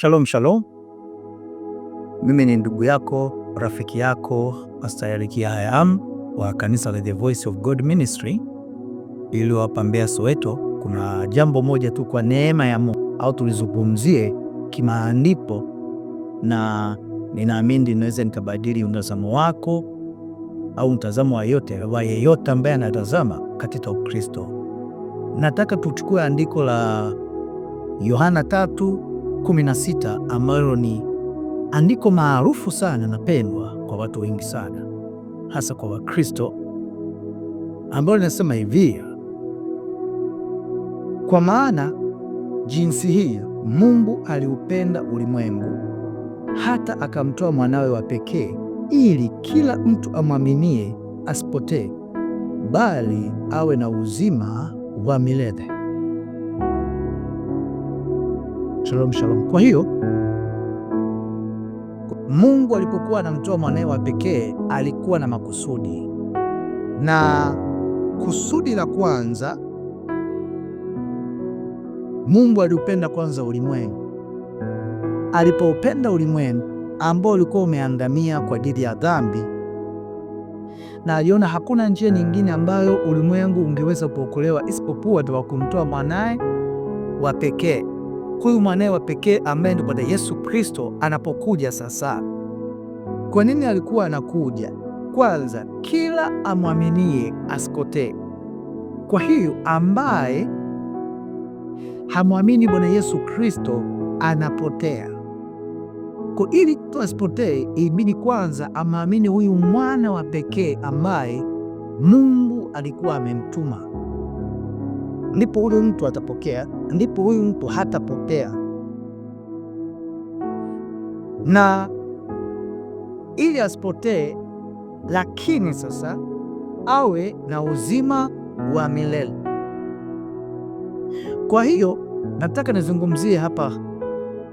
Shalom shalom, mimi ni ndugu yako rafiki yako Pastor Eric Yahya Am wa kanisa la The Voice of God Ministry iliyo hapa Mbeya Soweto. Kuna jambo moja tu kwa neema ya Mungu au tulizungumzie kimaandiko, na ninaamini ninaweza nikabadili mtazamo wako au mtazamo wa yote wa yeyote ambaye anatazama katika Ukristo. Nataka tuchukue andiko la Yohana tatu 16 ambalo ni andiko maarufu sana na pendwa kwa watu wengi sana, hasa kwa Wakristo, ambalo linasema hivi: kwa maana jinsi hii Mungu aliupenda ulimwengu hata akamtoa mwanawe wa pekee, ili kila mtu amwaminie asipotee, bali awe na uzima wa milele. Shalom, shalom. Kwa hiyo Mungu alipokuwa anamtoa mwanaye wa pekee alikuwa na makusudi, na kusudi la kwanza, Mungu aliupenda kwanza ulimwengu. Alipoupenda ulimwengu ambao ulikuwa umeangamia kwa ajili ya dhambi, na aliona hakuna njia nyingine ambayo ulimwengu ungeweza kuokolewa isipokuwa kwa kumtoa mwanaye wa pekee huyu mwanaye wa pekee ambaye ni Bwana Yesu Kristo anapokuja sasa. Kwa nini alikuwa anakuja? Kwanza, kila amwaminie asipotee Kwa hiyo ambaye hamwamini Bwana Yesu Kristo anapotea. Kwa ili mtu asipotee, ibidi kwanza amwamini huyu mwana wa pekee ambaye Mungu alikuwa amemtuma ndipo huyu mtu atapokea, ndipo huyu mtu hatapotea. Na ili asipotee, lakini sasa awe na uzima wa milele. Kwa hiyo nataka nizungumzie hapa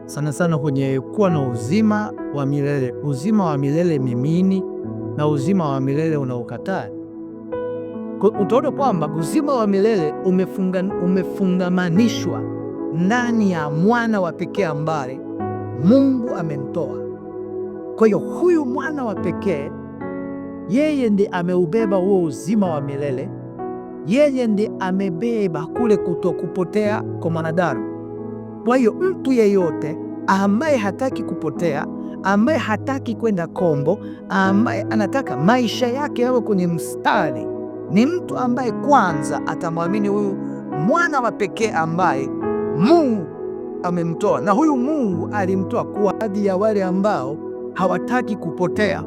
sana sana kwenye kuwa na uzima wa milele. Uzima wa milele ni nini? Na uzima wa milele unaokataa utaona kwamba uzima wa milele umefunga, umefungamanishwa ndani ya mwana wa pekee ambaye Mungu amemtoa. Kwa hiyo huyu mwana wa pekee yeye ndi ameubeba huo uzima wa milele, yeye ndi amebeba kule kutokupotea kwa mwanadamu. Kwa hiyo mtu yeyote ambaye hataki kupotea, ambaye hataki kwenda kombo, ambaye anataka maisha yake yawe kwenye mstari ni mtu ambaye kwanza atamwamini huyu mwana wa pekee ambaye Mungu amemtoa, na huyu Mungu alimtoa kwa ajili ya wale ambao hawataki kupotea.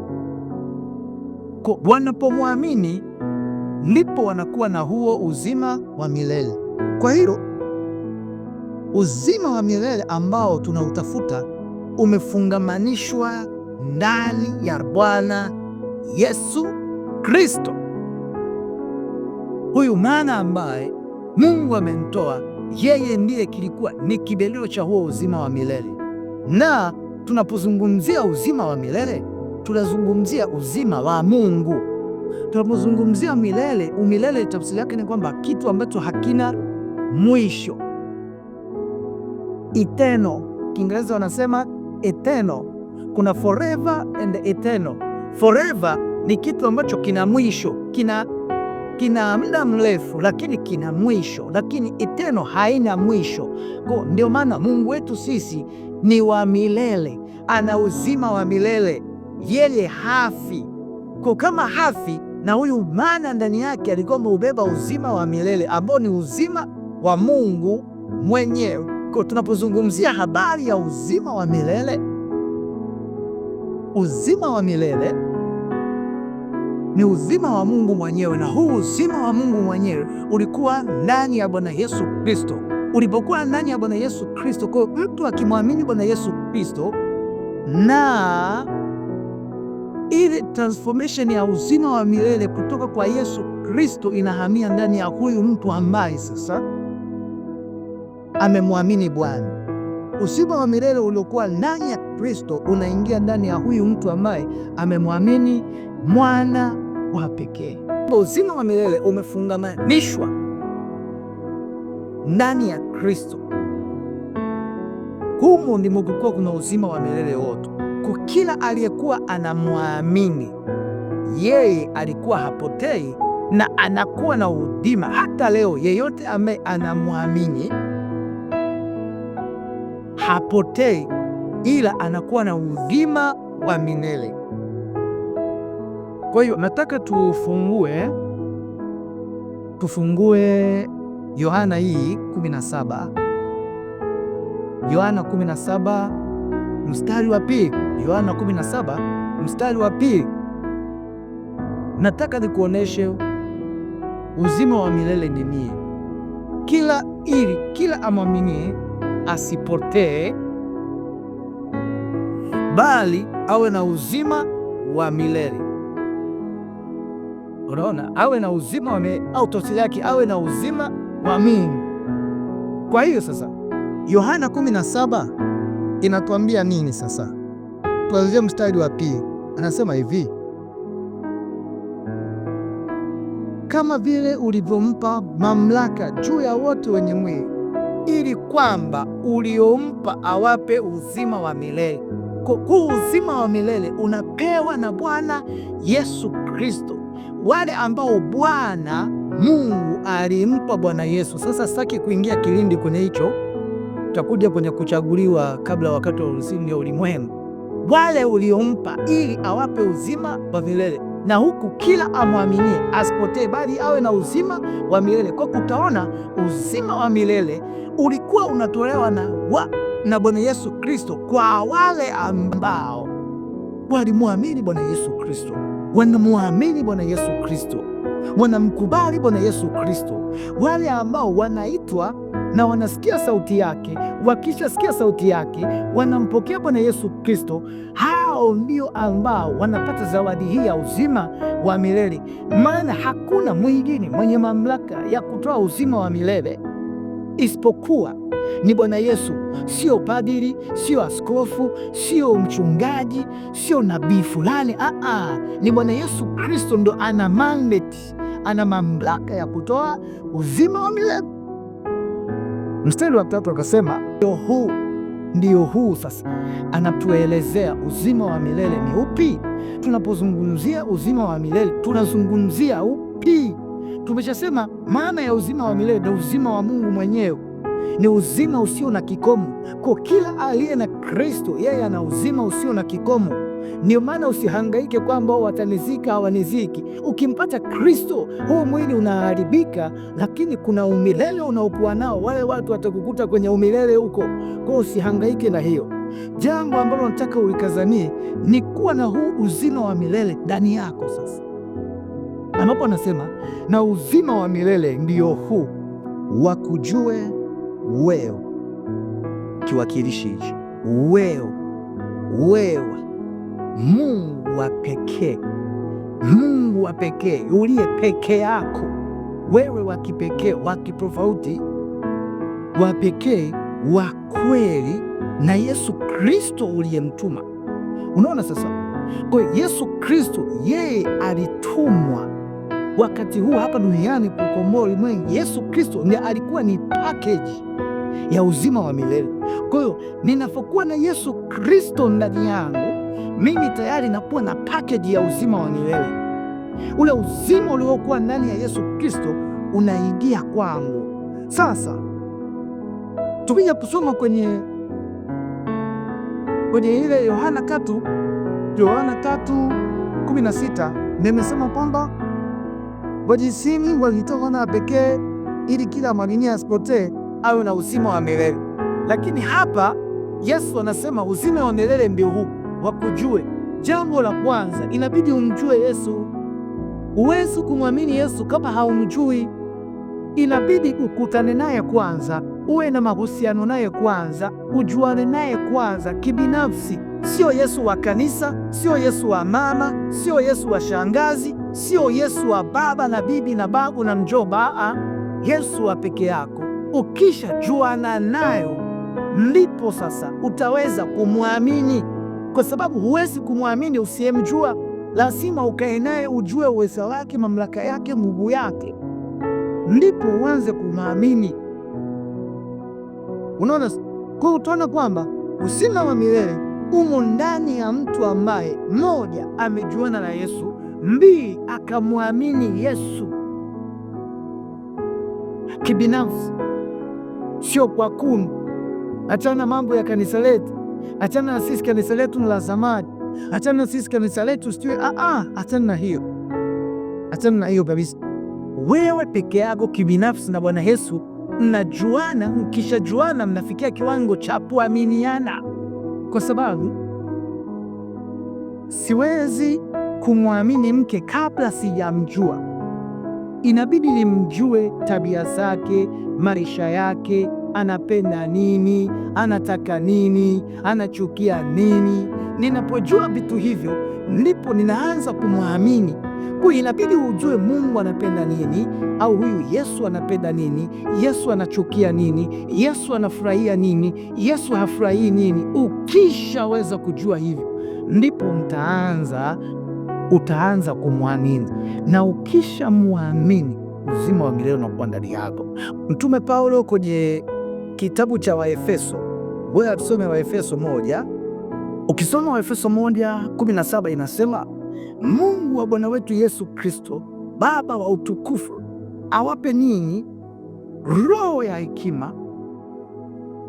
Kwa wanapomwamini ndipo wanakuwa na huo uzima wa milele. Kwa hiyo uzima wa milele ambao tunautafuta umefungamanishwa ndani ya Bwana Yesu Kristo. Huyu mwana ambaye Mungu amemtoa, yeye ndiye kilikuwa ni kibelelo cha huo uzima wa milele. Na tunapozungumzia uzima wa milele, tunazungumzia uzima wa Mungu. Tunapozungumzia milele, umilele tafsiri yake ni kwamba kitu ambacho hakina mwisho, iteno Kiingereza wanasema eternal, kuna forever and eternal. Forever ni kitu ambacho kina mwisho, kina kina muda mrefu, lakini kina mwisho, lakini iteno haina mwisho. Kwa ndio maana Mungu wetu sisi ni wa milele, ana uzima wa milele, yeye hafi. Kwa kama hafi na huyu maana ndani yake alikuwa ameubeba uzima wa milele ambao ni uzima wa Mungu mwenyewe. Kwa tunapozungumzia habari ya uzima wa milele, uzima wa milele ni uzima wa Mungu mwenyewe, na huu uzima wa Mungu mwenyewe ulikuwa ndani ya Bwana Yesu Kristo. Ulipokuwa ndani ya Bwana Yesu Kristo, kwa mtu akimwamini Bwana Yesu Kristo na ile transformation ya uzima wa milele kutoka kwa Yesu Kristo inahamia ndani ya huyu mtu ambaye sasa amemwamini Bwana. Uzima wa milele uliokuwa ndani ya Kristo unaingia ndani ya huyu mtu ambaye amemwamini mwana wa pekee. Uzima wa milele umefungamanishwa ndani ya Kristo. Humo ndimo kulikuwa kuna uzima wa milele wote. Kwa kila aliyekuwa anamwamini yeye, alikuwa hapotei na anakuwa na uzima hata leo. Yeyote ambaye anamwamini hapotei, ila anakuwa na uzima wa milele. Kwa hiyo nataka tufungue tufungue Yohana hii 17, Yohana 17 mstari wa pili, Yohana 17 mstari wa pili. Nataka nikuoneshe uzima wa milele ni nini, kila ili kila amwaminie asipotee, bali awe na uzima wa milele. Unaona, awe na uzima wa au tafsiri yake awe na uzima wa mimi. Kwa hiyo sasa Yohana 17 inatuambia nini sasa? Tuanzie mstari wa pili, anasema hivi kama vile ulivyompa mamlaka juu ya wote wenye mwili, ili kwamba uliompa awape uzima wa milele. Huu uzima wa milele unapewa na Bwana Yesu Kristo wale ambao Bwana Mungu alimpa Bwana Yesu. Sasa sitaki kuingia kilindi kwenye hicho, tutakuja kwenye kuchaguliwa kabla wakati wa usingi wa ulimwengu, wale uliompa ili awape uzima wa milele na huku kila amwaminie asipotee, bali awe na uzima wa milele. Kwa kutaona uzima wa milele ulikuwa unatolewa na, wa, na Bwana Yesu Kristo kwa wale ambao walimwamini Bwana Yesu Kristo wanamwamini Bwana Yesu Kristo, wanamkubali Bwana Yesu Kristo, wale ambao wanaitwa na wanasikia sauti yake. Wakishasikia sauti yake, wanampokea Bwana Yesu Kristo. Hao ndio ambao wanapata zawadi hii ya uzima wa milele, maana hakuna mwingine mwenye mamlaka ya kutoa uzima wa milele isipokuwa ni Bwana Yesu, sio padiri, sio askofu, sio mchungaji, sio nabii fulani. Aa, ni Bwana Yesu Kristo ndo ana mandate, ana mamlaka ya kutoa uzima wa milele. Mstari wa tatu akasema, ndio huu ndio huu sasa, anatuelezea uzima wa milele ni upi. Tunapozungumzia uzima wa milele tunazungumzia upi? Tumeshasema maana ya uzima wa milele, uzima wa Mungu mwenyewe ni uzima usio na kikomo. Kwa kila aliye na Kristo, yeye ana uzima usio na kikomo. Ndio maana usihangaike kwamba watanizika hawaniziki. Ukimpata Kristo, huu mwili unaharibika, lakini kuna umilele unaokuwa nao. Wale watu watakukuta kwenye umilele huko, kwa usihangaike na hiyo. Jambo ambalo nataka ulikazanie ni kuwa na huu uzima wa milele ndani yako sasa ambapo anasema na uzima wa milele ndio huu, wakujue wewe. Kiwakilishi hichi wewe, wewe Mungu wa pekee, Mungu wa pekee uliye peke yako wewe, wa kipekee, wa kitofauti, wa pekee, wa kweli, na Yesu Kristo uliyemtuma. Unaona sasa, kwa Yesu Kristo yeye alitumwa wakati huu hapa duniani kukomboa ulimwengu. Yesu Kristo ndiye alikuwa ni package ya uzima wa milele. Kwa hiyo ninapokuwa na Yesu Kristo ndani yangu mimi tayari nakuwa na package ya uzima wa milele. Ule uzima uliokuwa ndani ya Yesu Kristo unaingia kwangu. Sasa tukija kusoma kwenye kwenye ile Yohana tatu Yohana tatu kumi na sita nimesema kwamba Wajisimi walitoka na pekee ili kila mwamini asipotee awe na uzima wa milele. Lakini hapa Yesu anasema uzima wa milele ndio huu, wakujue. Jambo la kwanza inabidi umjue Yesu. Huwezi kumwamini Yesu kama haumjui. Inabidi ukutane naye kwanza, uwe na mahusiano naye kwanza, ujuane naye kwanza kibinafsi. Sio Yesu wa kanisa, sio Yesu wa mama, sio Yesu wa shangazi, sio Yesu wa baba na bibi na babu na mjomba. A, Yesu wa peke yako. ukisha juana nayo, ndipo sasa utaweza kumwamini, kwa sababu huwezi kumwamini usiyemjua. Lazima ukae naye, ujue uwezo wake, mamlaka yake, nguvu yake, ndipo uanze kumwamini. Unaona, kwa utaona kwamba uzima wa milele umo ndani ya mtu ambaye moja, amejuana na Yesu mbi akamwamini Yesu kibinafsi, sio kwa kundi. Achana mambo ya kanisa letu, achana na sisi kanisa letu la zamani, achana na sisi kanisa letu sijui. Ah, ah, achana na hiyo, achana na hiyo kabisa. Wewe peke yako kibinafsi na Bwana Yesu mnajuana. Mkishajuana mnafikia kiwango cha kuaminiana, kwa sababu siwezi kumwamini mke kabla sijamjua. Inabidi nimjue tabia zake, maisha yake, anapenda nini, anataka nini, anachukia nini. Ninapojua vitu hivyo, ndipo ninaanza kumwamini. Kwa inabidi ujue Mungu anapenda nini, au huyu Yesu anapenda nini, Yesu anachukia nini, Yesu anafurahia nini, Yesu hafurahii nini. Ukishaweza kujua hivyo, ndipo mtaanza utaanza kumwamini, na ukishamwamini uzima wa milele unakuwa ndani yako. Mtume Paulo kwenye kitabu cha Waefeso, wewe tusome Waefeso moja, ukisoma Waefeso moja kumi na saba inasema Mungu wa Bwana wetu Yesu Kristo, Baba wa utukufu, awape ninyi roho ya hekima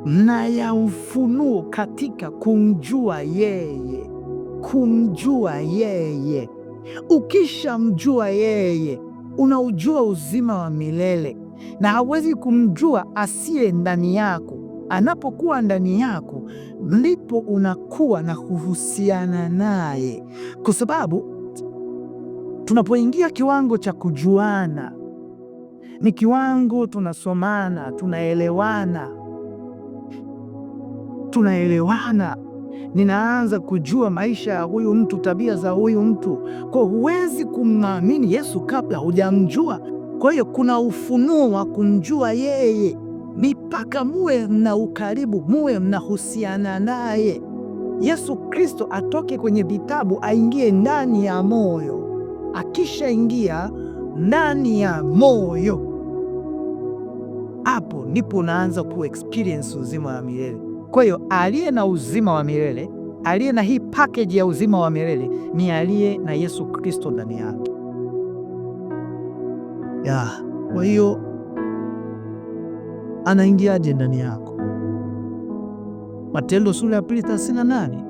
na ya ufunuo katika kumjua yeye kumjua yeye. Ukishamjua yeye, unaujua uzima wa milele, na hawezi kumjua asiye ndani yako. Anapokuwa ndani yako, ndipo unakuwa na kuhusiana naye, kwa sababu tunapoingia kiwango cha kujuana ni kiwango tunasomana, tunaelewana, tunaelewana ninaanza kujua maisha ya huyu mtu, tabia za huyu mtu. Kwa huwezi kumwamini Yesu kabla hujamjua. Kwa hiyo kuna ufunuo wa kumjua yeye mipaka, muwe mna ukaribu, muwe mnahusiana naye. Yesu Kristo atoke kwenye vitabu aingie ndani ya moyo. Akishaingia ndani ya moyo, hapo ndipo unaanza ku experience uzima wa milele. Kwa hiyo aliye na uzima wa milele, aliye na hii package ya uzima wa milele ni aliye na Yesu Kristo ndani yake. Ya, kwa hiyo anaingiaje ndani yako? Matendo sura ya pili thelathini na nane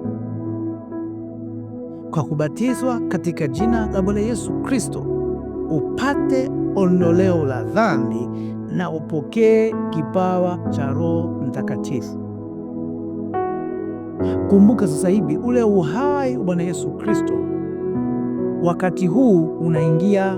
kwa kubatizwa katika jina la Bwana Yesu Kristo upate ondoleo la dhambi na upokee kipawa cha Roho Mtakatifu. Kumbuka sasa hivi ule uhai wa Bwana Yesu Kristo wakati huu unaingia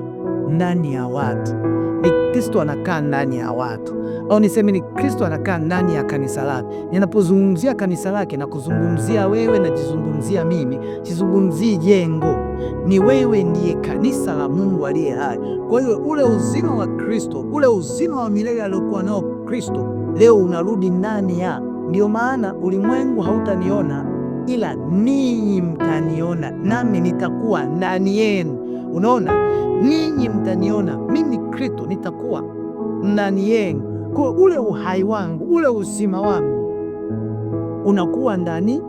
ndani ya watu. Ni Kristo anakaa ndani ya watu, au niseme ni Kristo anakaa ndani ya kanisa lake. Ninapozungumzia kanisa lake na kuzungumzia wewe, najizungumzia mimi, sizungumzii jengo. Ni wewe ndiye kanisa la Mungu aliye hai. Kwa hiyo ule uzima wa Kristo, ule uzima wa milele aliokuwa nao Kristo, leo unarudi ndani ya ndio maana ulimwengu hautaniona, ila ninyi mtaniona, nami nitakuwa ndani yenu. Unaona, ninyi mtaniona mimi Kristo, nitakuwa ndani yenu. Kwa ule uhai wangu, ule uzima wangu unakuwa ndani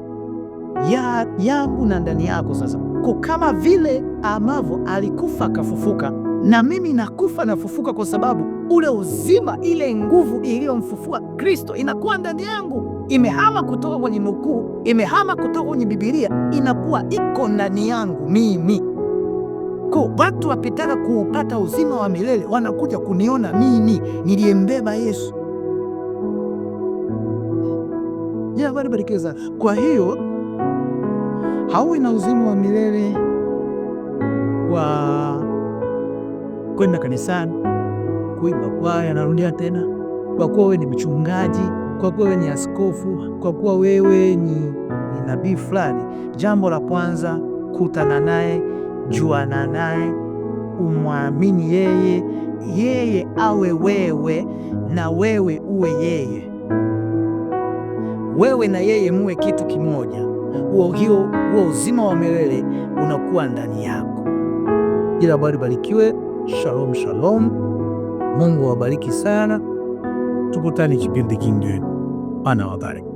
ya yangu na ndani yako. Sasa kwa kama vile ambavyo alikufa akafufuka, na mimi nakufa nafufuka, kwa sababu ule uzima, ile nguvu iliyomfufua Kristo inakuwa ndani yangu imehama kutoka kwenye nukuu, imehama kutoka kwenye Bibilia, inakuwa iko ndani yangu mimi. Ko watu wapitaka kuupata uzima wa milele wanakuja kuniona mimi niliyembeba Yesu. Habari Kwa hiyo hauwe na uzima wa milele wa kwenda kanisani, kuimba kwaya, narudia tena, kwa kuwa wewe ni mchungaji kwa kuwa wewe ni askofu, kwa kuwa wewe ni, ni nabii fulani. Jambo la kwanza, kutana naye, juana naye, umwamini yeye, yeye awe wewe na wewe uwe yeye, wewe na yeye muwe kitu kimoja. Huo hiyo huo uzima wa milele unakuwa ndani yako. Jina bali barikiwe. Shalom shalom. Mungu awabariki sana, tukutane kipindi kingine anawadhari.